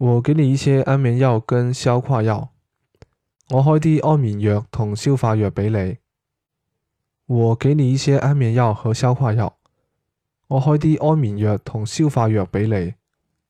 我給你一些安眠藥跟消化藥，我開啲安眠藥同消化藥俾你。我給你一些安眠藥和消化藥，我開啲安眠藥同消化藥俾你。